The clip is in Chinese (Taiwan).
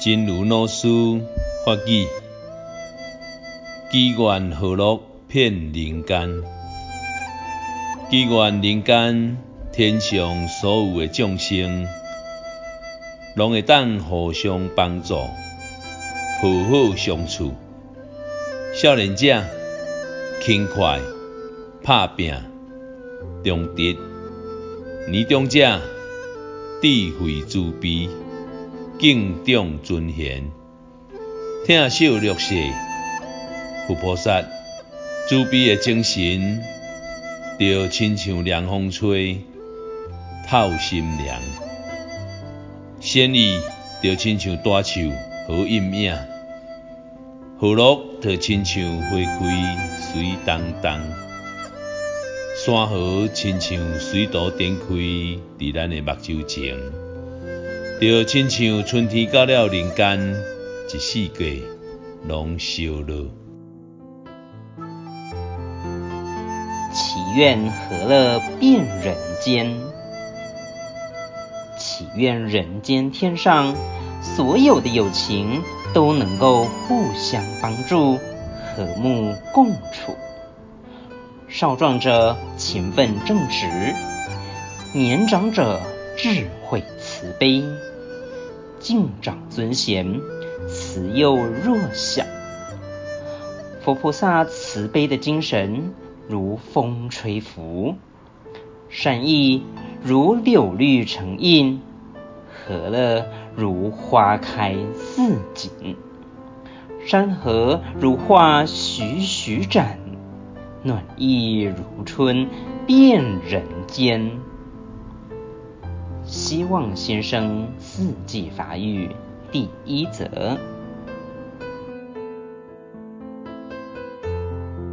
真如老師法語，祈願和樂遍人間，祈願人間天上所有的眾生，攏會當互相幫助，好好相處。少年者輕快、拍拼、正直；年長者智慧慈悲。地敬重尊賢，疼惜弱小，佛菩薩慈悲的精神，就親像涼風吹，透心涼；善意就親像大樹，好蔭影；和樂就親像花開，水當當；山河親像水道點開，在咱的目睭前。就親像春天到了人間，一四季攏修了。祈願和樂遍人間，祈願人間天上所有的友情都能夠互相幫助，和睦共處。少壯者勤奮正直，年長者智慧慈悲。敬長尊賢，慈佑弱小。佛菩薩慈悲的精神，如風吹拂；善意如柳綠成蔭，和樂如花開似錦，山河如畫徐徐展，暖意如春遍人間。希望新生四季法語第一則。